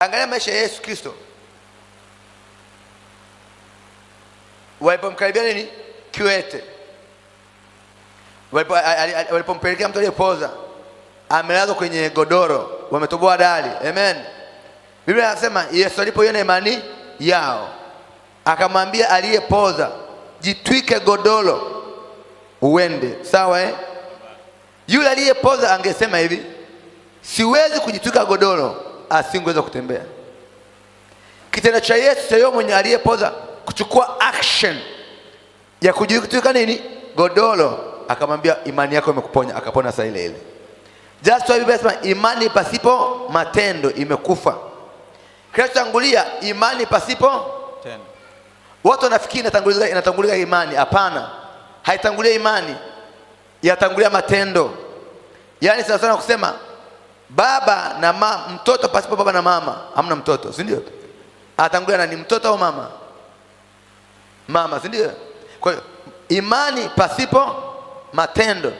Angalia maisha ya Yesu Kristo walipomkaribia nini, kiwete, walipompelekea mtu aliyepoza amelazwa kwenye godoro, wametoboa dali. Amen. Biblia inasema Yesu alipoiona imani yao akamwambia aliyepoza, jitwike godoro uende. Sawa eh? Yule aliyepoza angesema hivi, siwezi kujitwika godoro asingeweza ah, kutembea. Kitendo cha Yesu cha yeye mwenye aliyepoza kuchukua action ya kujitwika nini godoro, akamwambia imani yako imekuponya, akapona saa ile ile. Just Biblia inasema imani pasipo matendo imekufa. Kinachotangulia imani pasipo tendo. Watu wanafikiri inatangulia inatangulia imani. Hapana, haitangulia imani, yatangulia matendo. Yaani sana sana kusema baba na mama, mtoto pasipo baba na mama hamna mtoto, si ndio? Atangulia nani, mtoto au mama? Mama, si ndio? Kwa hiyo imani pasipo matendo,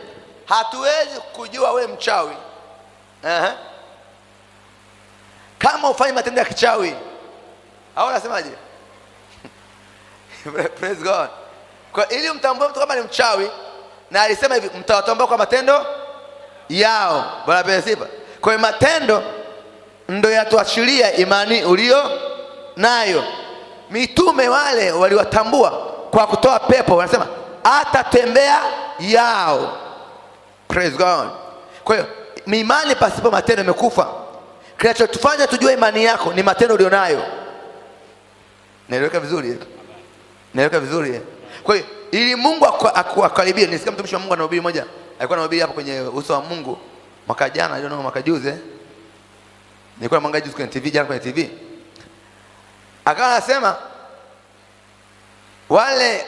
hatuwezi kujua we mchawi. Aha. Kama ufanye matendo ya kichawi au unasemaje? Praise God. Kwa ili mtambue mtu kama ni mchawi, na alisema hivi, mtawatambua kwa matendo yao. Bwana asifiwe. Kwa hiyo matendo ndio yatuashiria imani ulio nayo. Mitume wale waliwatambua kwa kutoa pepo, wanasema atatembea yao. Praise God. Kwa hiyo imani pasipo matendo imekufa. Kinachotufanya tujue imani yako ni matendo ulionayo. Naeleweka vizuri? Eh? Naeleweka vizuri? Eh? Kwa hiyo ili Mungu akukaribie, nisikia mtumishi wa Mungu anahubiri moja, alikuwa anahubiri hapo kwenye uso wa Mungu mwaka jana, I don't know, mwaka juzi eh? nilikuwa namwangalia juzi kwenye TV, jana kwenye TV, akawa anasema wale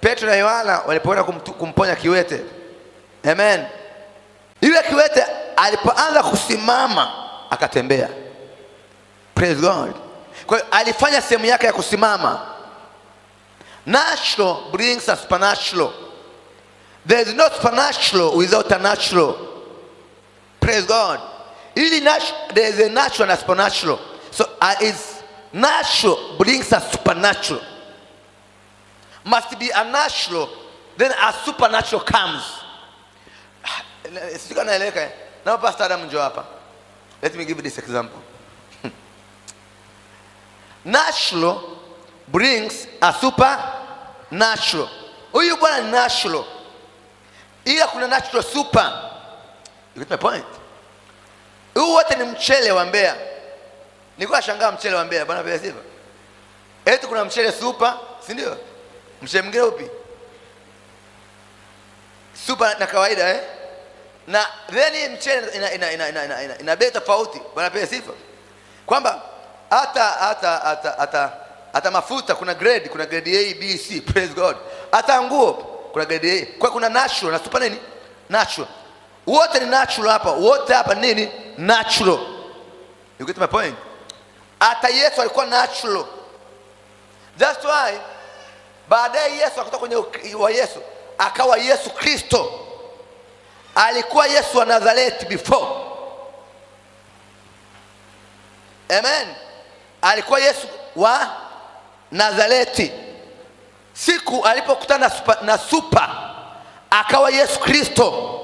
Petro na Yohana walipoenda kumponya kiwete, amen, yule kiwete alipoanza kusimama akatembea. Praise God. Kwa hiyo alifanya sehemu yake ya kusimama. Natural brings a supernatural. There is no supernatural without a natural. Praise God. Really natu- there is a natural and a supernatural. So uh, it's natural brings a supernatural. Must be a natural, then a supernatural comes. Sikunaeleweka. Eh? pastor Adam hapa. Let me give you this example. natural brings a supernatural. Huyu bwana ni natural. Ila kuna natural super. You get my point? Huu wote ni mchele wa Mbeya. Nilikuwa shangaa mchele wa Mbeya bwana Mbeya Silva. Eti kuna mchele super, si ndio? Mchele mwingine upi? Super na kawaida eh? Na then mchele ina ina ina ina, ina, ina, ina bei tofauti bwana Mbeya Silva. Kwamba hata hata hata hata hata mafuta kuna grade, kuna grade A, B, C, praise God. Hata nguo kuna grade A. Kwa kuna natural na super nini? Natural wote ni natural hapa, wote hapa nini natural. You get my point? Hata Yesu alikuwa natural. That's why baadaye Yesu akatoka kwenye wa Yesu akawa Yesu Kristo. Alikuwa Yesu wa Nazareti before. Amen. Alikuwa Yesu wa Nazareti. Siku alipokutana na super, na super akawa Yesu Kristo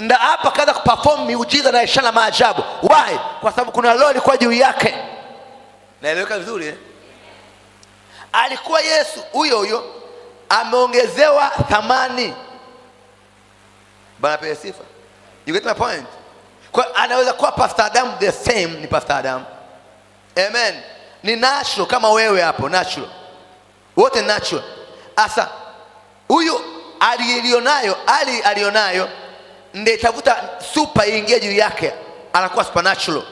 na hapa kaanza kuperform miujiza na ishara maajabu. Why? Kwa sababu kuna roho ilikuwa juu yake. Naeleweka vizuri eh? Alikuwa Yesu huyo huyo ameongezewa thamani. Bwana pewe sifa. You get my point? Kwa anaweza kuwa Pastor Adam the same ni Pastor Adam. Amen. Ni natural kama wewe hapo natural. Wote natural. Asa huyu alionayo, ali alionayo ndiye itavuta super iingie juu yake, anakuwa supernatural.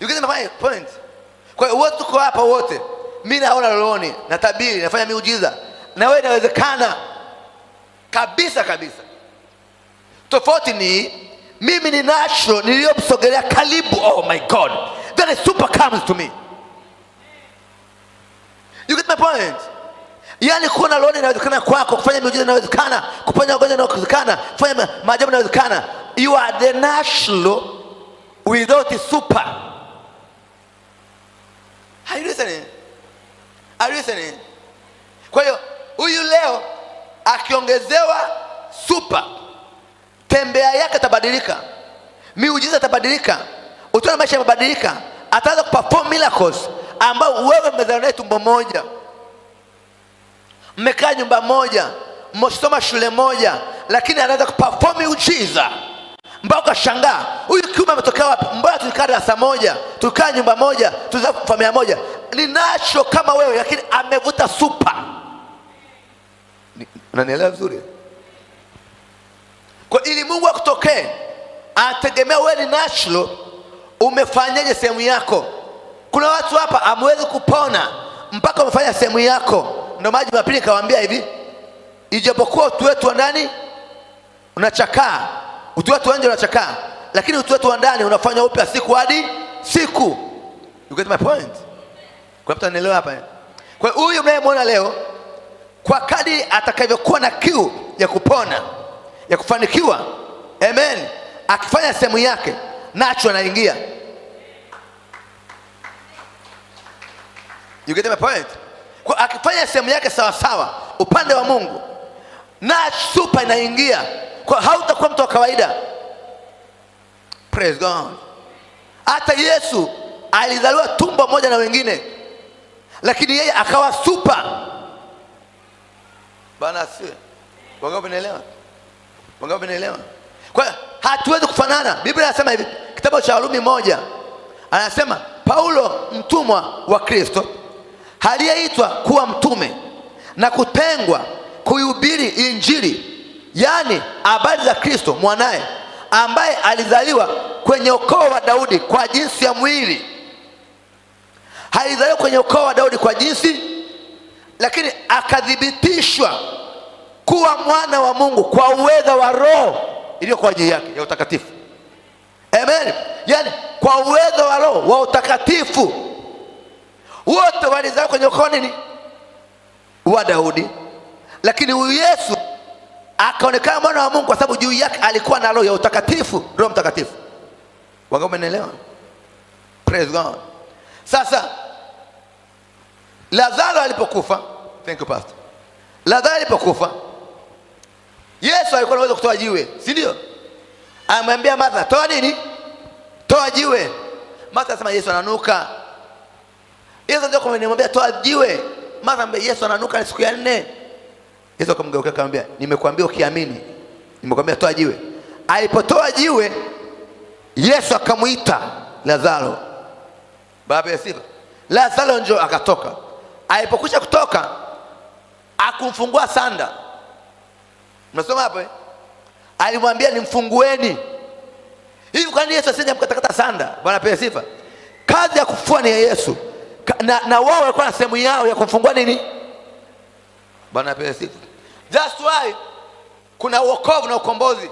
You get my point? Kwa hiyo wote tuko hapa wote, mimi naona rohoni, natabiri, nafanya miujiza, na wewe inawezekana kabisa kabisa. Tofauti ni mimi ni natural niliyomsogelea karibu. Oh my God, then a super comes to me. You get my point? Yaani kuona loni inawezekana kwako, kufanya miujiza inawezekana, kuponya wagonjwa inawezekana, kufanya maajabu inawezekana. You are the national without super. Are you listening? Are you listening? Kwa hiyo huyu leo akiongezewa super, tembea yake atabadilika, miujiza itabadilika, utaona maisha yamebadilika, ataanza kuperform miracles ambao wewe umezaliwa naye tumbo moja mmekaa nyumba moja, mmesoma shule moja, lakini anaweza kuperform ujiza mbao ukashangaa, huyu kiume ametokea wapi? Mbona tulikaa darasa moja, tulikaa nyumba moja, tulizaa familia moja, ninacho kama wewe, lakini amevuta supa. Unanielewa vizuri? Kwa ili Mungu akutokee, anategemea wewe ni natural, umefanyaje sehemu yako. Kuna watu hapa hamwezi kupona mpaka umefanya sehemu yako ndio maana Jumapili kawaambia hivi, ijapokuwa utu wetu wa ndani unachakaa, utu wetu wa nje unachakaa, lakini utu wetu wa ndani unafanya upya siku hadi siku. You get my point? Kwa mtu anielewa hapa? Kwa hiyo huyu mnayemwona leo, kwa kadiri atakavyokuwa na kiu ya kupona ya kufanikiwa, amen, akifanya sehemu yake, nacho anaingia. You get my point? Kwa akifanya sehemu yake sawasawa upande wa Mungu na supa inaingia kwa, hautakuwa mtu wa kawaida. Praise God. Hata Yesu alizaliwa tumbo moja na wengine, lakini yeye akawa supa. bana si Wangapi naelewa? Kwa hatuwezi kufanana. Biblia inasema hivi, kitabu cha Warumi moja anasema Paulo mtumwa wa Kristo aliyeitwa kuwa mtume na kutengwa kuihubiri Injili, yaani habari za Kristo mwanaye, ambaye alizaliwa kwenye ukoo wa Daudi kwa jinsi ya mwili. Alizaliwa kwenye ukoo wa Daudi kwa jinsi, lakini akathibitishwa kuwa mwana wa Mungu kwa uweza wa Roho iliyo kwa ajili yake ya utakatifu. Amen, yaani kwa uwezo wa Roho wa utakatifu wote walizaa kwenye ukoo nini wa Daudi, lakini huyu Yesu akaonekana mwana wa Mungu kwa sababu juu yake alikuwa na roho ya utakatifu, Roho Mtakatifu. Wangapi mnaelewa? Praise God. Sasa Lazaro alipokufa, thank you pastor, Lazaro alipokufa Yesu alikuwa anaweza kutoa jiwe, si ndio? Amwambia Martha, toa nini? Toa jiwe. Martha anasema Yesu ananuka Yesu ndio kumwambia toa jiwe. Mara Yesu ananuka siku ya nne. Yesu akamgeuka akamwambia, nimekuambia ukiamini, nimekuambia toa jiwe. Alipotoa jiwe, Yesu akamuita Lazaro, baba ya sifa, Lazaro njoo. Akatoka, alipokwisha kutoka akumfungua sanda. Mnasoma hapo, eh? alimwambia nimfungueni. Hivi kwani Yesu asije mkatakata sanda? Bwana pewe sifa. Kazi ya kufua ni ya Yesu na, na wao walikuwa na sehemu yao ya kufungua nini. Bwana apewe sifa. That's why kuna uokovu na ukombozi,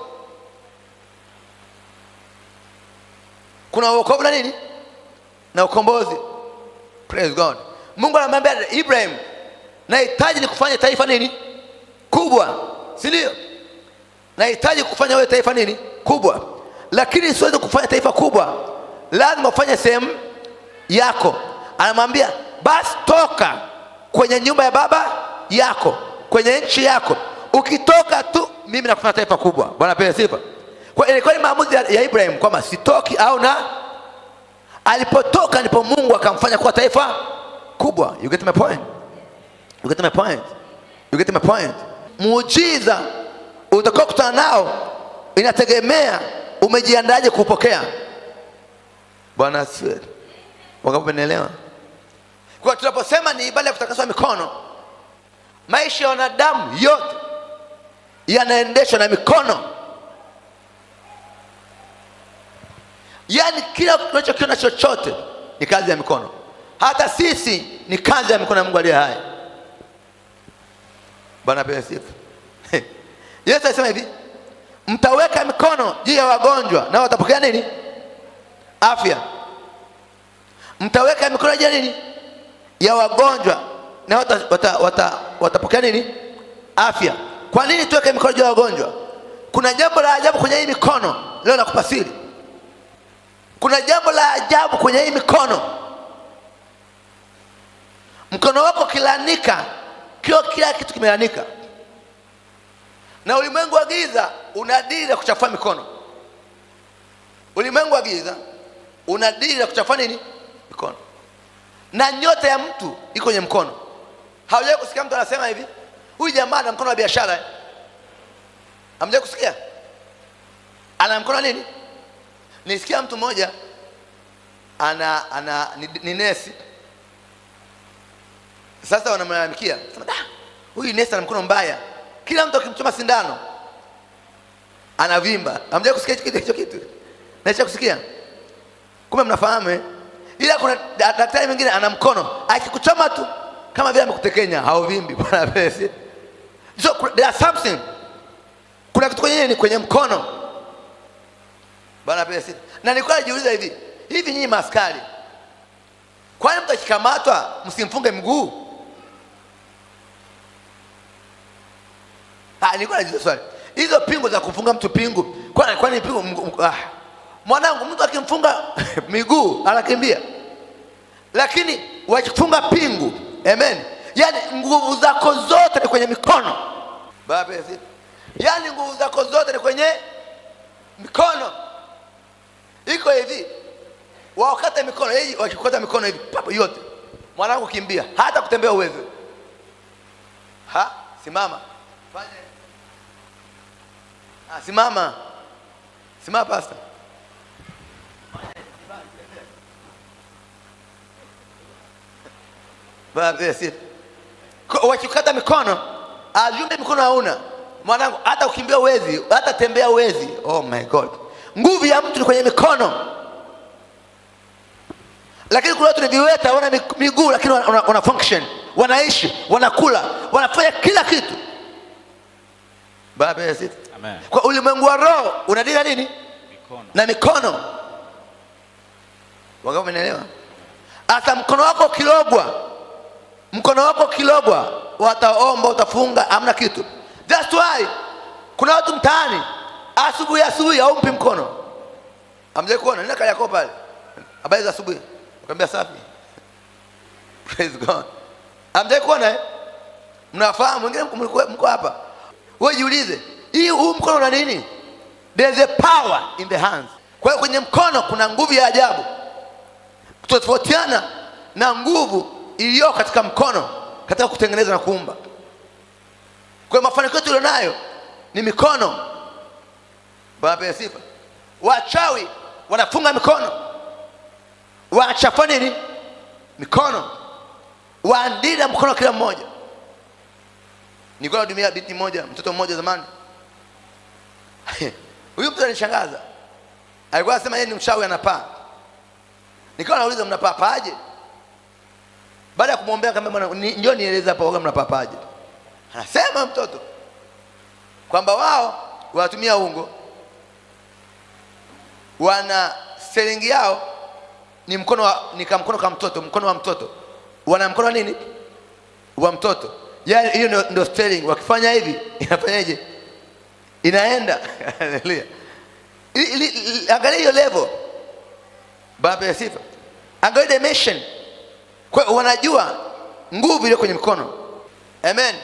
kuna uokovu na nini na ukombozi. Praise God. Mungu anamwambia Ibrahim, nahitaji ni kufanya taifa nini kubwa, si ndio? Nahitaji kufanya wewe taifa nini kubwa, lakini siwezi kufanya taifa kubwa, lazima ufanye sehemu yako anamwambia basi toka kwenye nyumba ya baba yako kwenye nchi yako, ukitoka tu mimi nakufanya taifa kubwa. Bwana pewe sifa. Kwa ilikuwa ni maamuzi ya Ibrahim kwamba sitoki au na, alipotoka ndipo Mungu akamfanya kuwa taifa kubwa. You get my point? You get my point? You get my point? Muujiza kutana nao inategemea umejiandaje kupokea. Bwana asifiwe. wangapo wamenielewa? Kwa tunaposema ni ibada ya kutakaswa mikono, maisha ya wanadamu yote yanaendeshwa na mikono, yaani kila unachokiona chochote ni kazi ya mikono. Hata sisi ni kazi ya mikono ya Mungu aliye hai. Bwana apewe sifu Yesu alisema hivi, mtaweka mikono juu ya wagonjwa nao watapokea nini? Afya. Mtaweka mikono juu ya nini? ya wagonjwa na watapokea wata, wata, wata nini afya. Kwa nini tuweke mikono juu ya wagonjwa? Kuna jambo la ajabu kwenye hii mikono leo, na kupasiri. Kuna jambo la ajabu kwenye hii mikono. Mkono wako kilanika kio, kila kitu kimelanika, na ulimwengu wa giza una dili la kuchafua mikono. Ulimwengu wa giza una dili la kuchafua nini na nyota ya mtu iko kwenye mkono. Haujawahi kusikia mtu anasema hivi, huyu jamaa ana mkono wa biashara? Hamjawahi kusikia? Ana mkono nini? Nisikia mtu mmoja ana, ana ni, ni nesi sasa, wanamlalamikia huyu nesi ana mkono mbaya, kila mtu akimchoma sindano anavimba. Hamjawahi kusikia hicho kitu? Naacha kusikia? Kumbe mnafahamu eh? ila kuna daktari mwingine ana mkono akikuchoma tu kama vile amekutekenya hauvimbi. Bwana pesi. So there are something, kuna kitu kwenye ni kwenye mkono. Bwana pesi. Na nilikuwa najiuliza hivi hivi, nyinyi maskari kwani mtu akikamatwa msimfunge mguu? Ah, nilikuwa najiuliza swali hizo pingu za kufunga mtu pingu, kwani kwani pingu? Ah, mwanangu, mtu akimfunga miguu anakimbia lakini wakifunga pingu. Amen. Yaani nguvu zako zote ni kwenye mikono baba, yaani nguvu zako zote ni kwenye mikono. Iko hivi, wakata mikono hii, wakikata mikono hivi papo yote, mwanangu, kimbia, hata kutembea uwezo. Ha, simama, fanye ha, simama, simama, pasta wakikata mikono, ajumbe mikono hauna mwanangu, hata ukimbia uwezi, hata tembea uwezi. Oh my God, nguvu ya mtu ni kwenye mikono, lakini kuna watu ni viweta, wana miguu lakini wana, wana function, wanaishi, wanakula, wanafanya kila kitu. Baba Amen. Kwa ulimwengu wa roho unadili nini? Mikono. Na mikono. Wangapi wanaelewa? Hata mkono wako ukirogwa mkono wako kilogwa, wataomba utafunga, hamna kitu. That's why kuna watu mtaani asubuhi asubuhi aumpi mkono. Amje kuona nina kaya pale, habari za asubuhi, akambia safi, praise God. Amje kuona eh? Mnafahamu wengine mko hapa, wewe jiulize, hii huu mkono una nini? There's a power in the hands. Kwa hiyo kwenye mkono kuna nguvu ya ajabu, kutofautiana na nguvu iliyo katika mkono katika kutengeneza na kuumba. Kwa mafanikio mafanikio tulionayo ni mikono. Bwana sifa. Wachawi wanafunga mikono, wachafa nini? Mikono, waandida mkono kila mmoja. Nilikuwa nadumia binti moja, mtoto mmoja zamani huyu mtu alishangaza, alikuwa anasema yeye ni mchawi, anapaa. Nikawa nauliza mnapaa paaje? Baada ya kumwombea akamwambia bwana, njoo nieleze hapa woga mnapapaje. Anasema mtoto kwamba wao wanatumia ungo, wana selingi yao ni mkono wa, ni kama mkono kama mtoto, mkono wa mtoto, wana mkono wa nini wa mtoto, yaani hiyo ndio seringi. Wakifanya hivi inafanyaje? Inaenda. Haleluya! Angalia hiyo level, baba ya sifa, angalia dimension kwa hiyo wanajua nguvu iliyo kwenye mkono. Amen.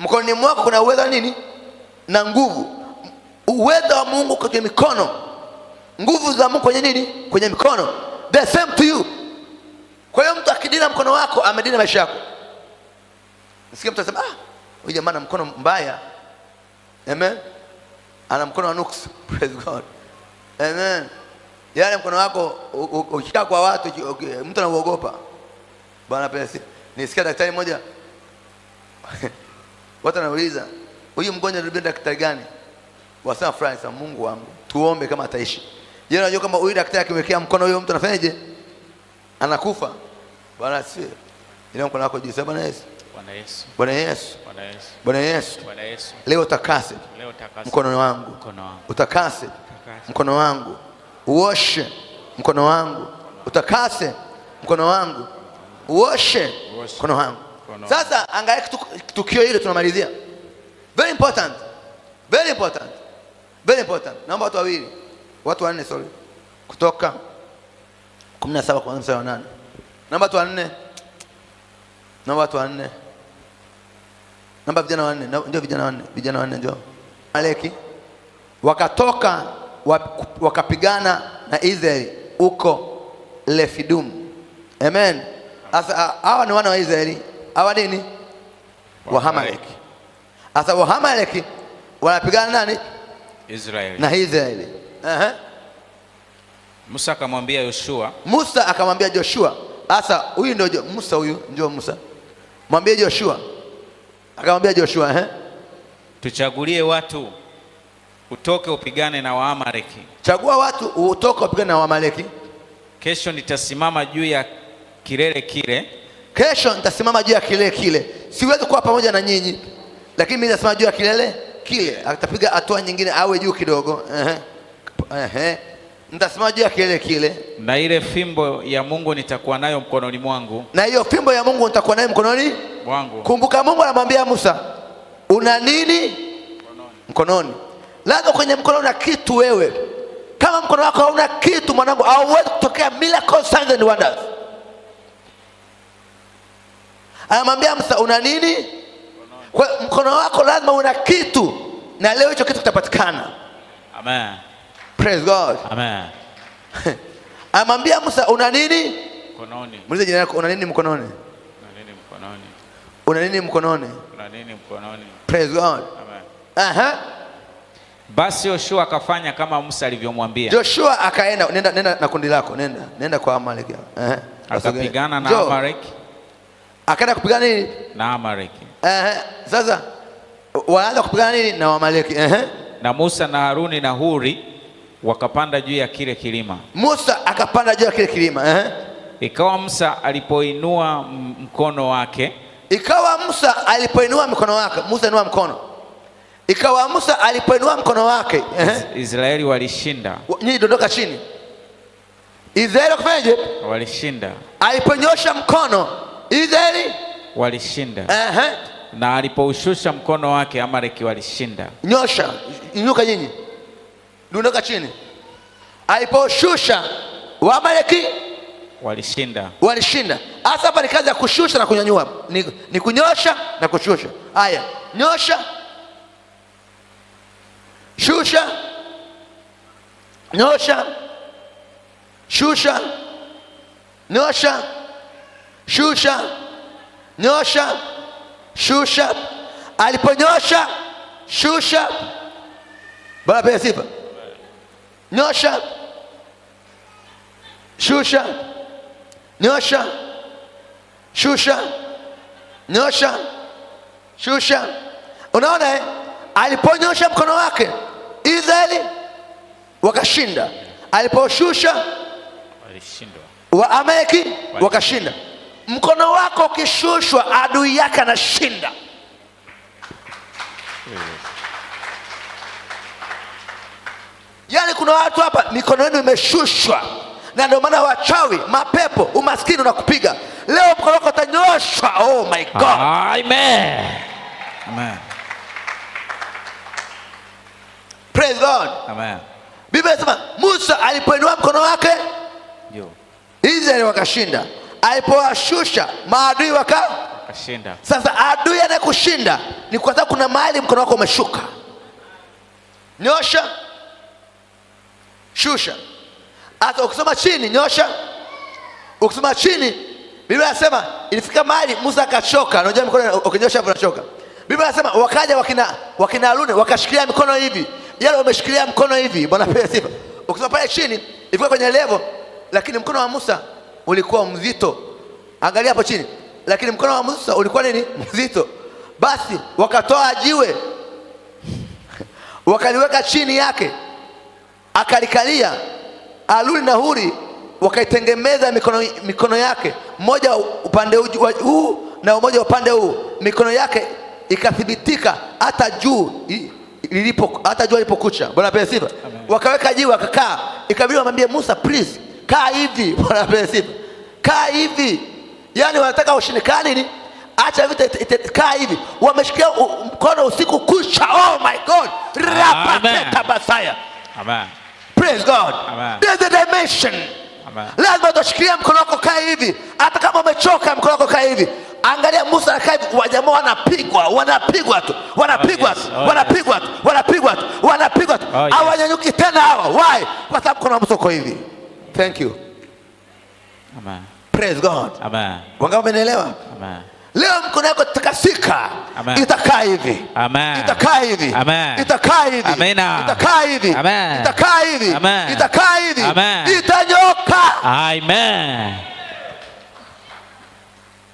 Mkononi mwako kuna uwezo wa nini na nguvu, uwezo wa Mungu kwenye mikono, nguvu za Mungu kwenye nini? Kwenye mikono, the same to you. Kwa hiyo mtu akidina mkono wako amedina maisha yako. Sikia mtu asema, ah, huyu jamaa ana mkono mbaya. Amen, ana mkono wa nuksi. Praise God. Amen. Yale mkono wako ukikaa kwa watu, mtu anauogopa Bwana Peresi. Nisikia daktari mmoja watu wanauliza, huyu mgonjwa ndio daktari gani? Wasema fulani. Sasa Mungu wangu, tuombe kama ataishi. yeye anajua kama huyu daktari akimwekea mkono huyo mtu anafanyaje? Anakufa. Bwana asifiwe. Ila mkono wako juu. Sasa Bwana Yesu. Bwana Yesu. Bwana Yesu. Bwana Yesu. Bwana Yesu. Leo takase. Leo mkono wangu. Mkono wangu. Utakase mkono wangu. Uoshe mkono wangu. Utakase mkono wangu uoshe mkono wangu. Sasa angalia tukio hili tunamalizia. Very important. Very important. Very important. Naomba watu wawili. Watu wanne sorry. Kutoka 17 kuanza mstari wa 8. Naomba watu wanne. Naomba watu wanne. Naomba vijana wanne. Ndio vijana wanne. Vijana wanne ndio. Maleki wakatoka wakapigana na Israeli huko Lefidumu. Amen hawa ni wana wa Israeli, hawa nini? Wahamaleki. Sasa Wahamaleki wanapigana nani? Israeli na Israeli. Aha. Musa akamwambia Yoshua, Musa akamwambia Joshua. Sasa huyu ndio Musa, huyu ndio Musa. Mwambie Joshua, akamwambia Joshua, eh, tuchagulie watu utoke upigane na Waamaleki. Chagua watu utoke upigane na Waamaleki. Kesho nitasimama juu ya kilele kile, kesho nitasimama juu ya kilele kile, siwezi kuwa pamoja na nyinyi, lakini mimi nitasimama juu ya kilele kile. Atapiga hatua nyingine, awe juu kidogo, ehe, nitasimama juu ya kilele kile, na ile fimbo ya Mungu nitakuwa nayo mkononi mwangu, na hiyo fimbo ya Mungu nitakuwa nayo mkononi mwangu. Kumbuka, Mungu anamwambia Musa, una nini mkononi? Mkononi lazima kwenye mkono una kitu wewe. Kama mkono wako hauna kitu, mwanangu, auwezi kutokea miracles, signs and wonders anamwambia Musa, una nini? Kwa mkono wako lazima una kitu, na leo hicho kitu kitapatikana. Amen. Praise God. Amen. Anamwambia Musa, una nini? Mkononi. Muulize jina lako, una nini mkononi? Una nini mkononi? Una nini mkononi? Una nini mkononi? Praise God. Amen. Aha. Basi Yoshua akafanya kama Musa alivyomwambia. Joshua akaenda, nenda, nenda na kundi lako, nenda, nenda kwa Amalek. Eh. Akapigana na Amalek. Jo akaenda kupigana nini na Amaleki. Ehe, sasa waanza kupigana nini na Wamaleki. Ehe, na Musa na Haruni na Huri wakapanda juu ya kile kilima. Musa akapanda juu ya kile kilima. Ehe, ikawa Musa alipoinua mkono wake, ikawa Musa alipoinua mkono wake, Musa inua mkono ikawa Musa alipoinua mkono wake Is Israeli walishinda. Nyinyi dondoka chini. Israeli wakafanyaje? Walishinda. alipoinyosha mkono Israeli walishinda. Ehe. Na alipoushusha mkono wake Amaleki walishinda. Nyosha inuka nyinyi, dunduka chini. Alipoushusha Amaleki walishinda, walishinda. Hasa hapa ni kazi ya kushusha na kunyanyua, ni, ni kunyosha na kushusha. Haya, nyosha, shusha, nyosha, shusha, nyosha shusha, nyosha, shusha. Aliponyosha shusha, Bwana pia sifa, nyosha, shusha, nyosha, shusha, nyosha, shusha. Unaona eh? Aliponyosha mkono wake Israeli wakashinda, aliposhusha wa wakashinda wakashinda. Mkono wako ukishushwa, adui yake anashinda. Yaani kuna watu hapa mikono yenu imeshushwa, na ndio maana wachawi, mapepo, umaskini unakupiga leo. Mkono wako utanyoshwa. Oh my God, amen, amen. Praise God, amen. Biblia inasema Musa alipoinua mkono wake Israeli wakashinda alipowashusha maadui waka Kashinda. Sasa adui anayekushinda ni kwa sababu kuna mahali mkono wako umeshuka. Nyosha, shusha. Hata ukisoma chini, nyosha. Ukisoma chini, Biblia inasema ilifika mahali Musa akachoka. Unajua mikono ukinyosha hapo unachoka. Biblia inasema wakaja wakina wakina Haruni wakashikilia mikono hivi, yale wameshikilia mkono hivi. Bwana sifa. Ukisoma pale chini ilikuwa kwenye level, lakini mkono wa Musa ulikuwa mzito, angalia hapo chini, lakini mkono wa Musa ulikuwa nini? Mzito. Basi wakatoa jiwe wakaliweka chini yake, akalikalia. aluli na Huri wakaitengemeza mikono, mikono yake mmoja upande huu na mmoja upande huu, mikono yake ikathibitika hata juu lilipo hata juu alipokucha. Bwana pewe sifa. Wakaweka jiwe akakaa, ikabidi wamwambie Musa, please kaa hivi, Bwana apewe sifa, kaa hivi. Yani wanataka kaa nini? acha vita, kaa hivi. Wameshikia mkono usiku kucha. Oh my God, rapateta basaya. Praise God. There's a dimension. Lazima utashikilia mkono wako kaa hivi, hata kama umechoka, mkono wako kaa hivi. Angalia Musa na Kalebu, wajamaa wanapigwa, wanapigwa tu, wanapigwa tu, oh, oh, wanapigwa tu, wanapigwa tu, wanapigwa tu, oh, hawanyanyuki tena hawa. Why? Kwa sababu kuna msoko hivi Thank you. Amen. Praise God. Amen. Wangapi wamenielewa? Amen. Leo mkono yako takasika, itakaa hivi, itakaa hivi, itakaa hivi, itakaa hivi, itakaa hivi, itakaa hivi, itanyoka. Amen.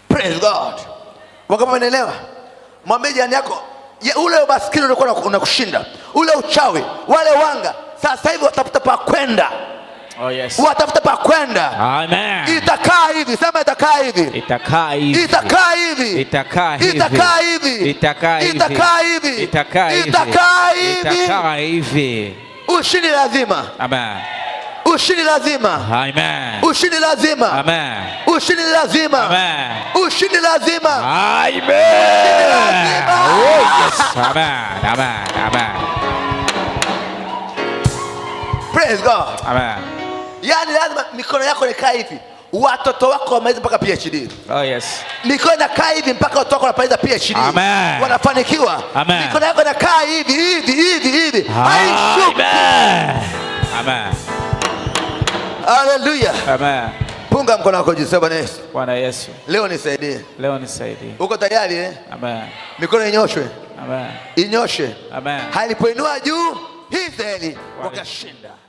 Praise God. Wangapi wamenielewa? Mwambie ya yako ule umaskini ulikuwa unakushinda, ule uchawi, wale wanga, sasa hivi watafuta pa kwenda oh, yes. Watafuta pa kwenda. Itakaa hivi, sema itakaa hivi. Itakaa hivi. Itakaa hivi. Itakaa hivi. Itakaa hivi. Itakaa hivi. Itakaa hivi. Itakaa Ushindi lazima. Amen. Ushindi lazima. Amen. Ushindi lazima. Amen. Ushindi lazima. Amen. Ushindi lazima. Amen. Oh, Amen. Amen. Praise God. Amen. Yaani lazima mikono yako ikaa hivi. Watoto wako wamaliza mpaka PhD. Oh yes. Mikono inakaa hivi mpaka watoto wako wanapata PhD. Amen. Wanafanikiwa. Amen. Mikono yako inakaa hivi hivi hivi hivi. Ah, Haishuki. Amen. Haleluya. Amen. Punga mkono wako juu, Bwana Yesu. Bwana Yesu. Leo nisaidie. Leo nisaidie. Uko tayari eh? Amen. Mikono inyoshwe. Amen. Inyoshe. Amen. Halipoinua juu Israeli wakashinda.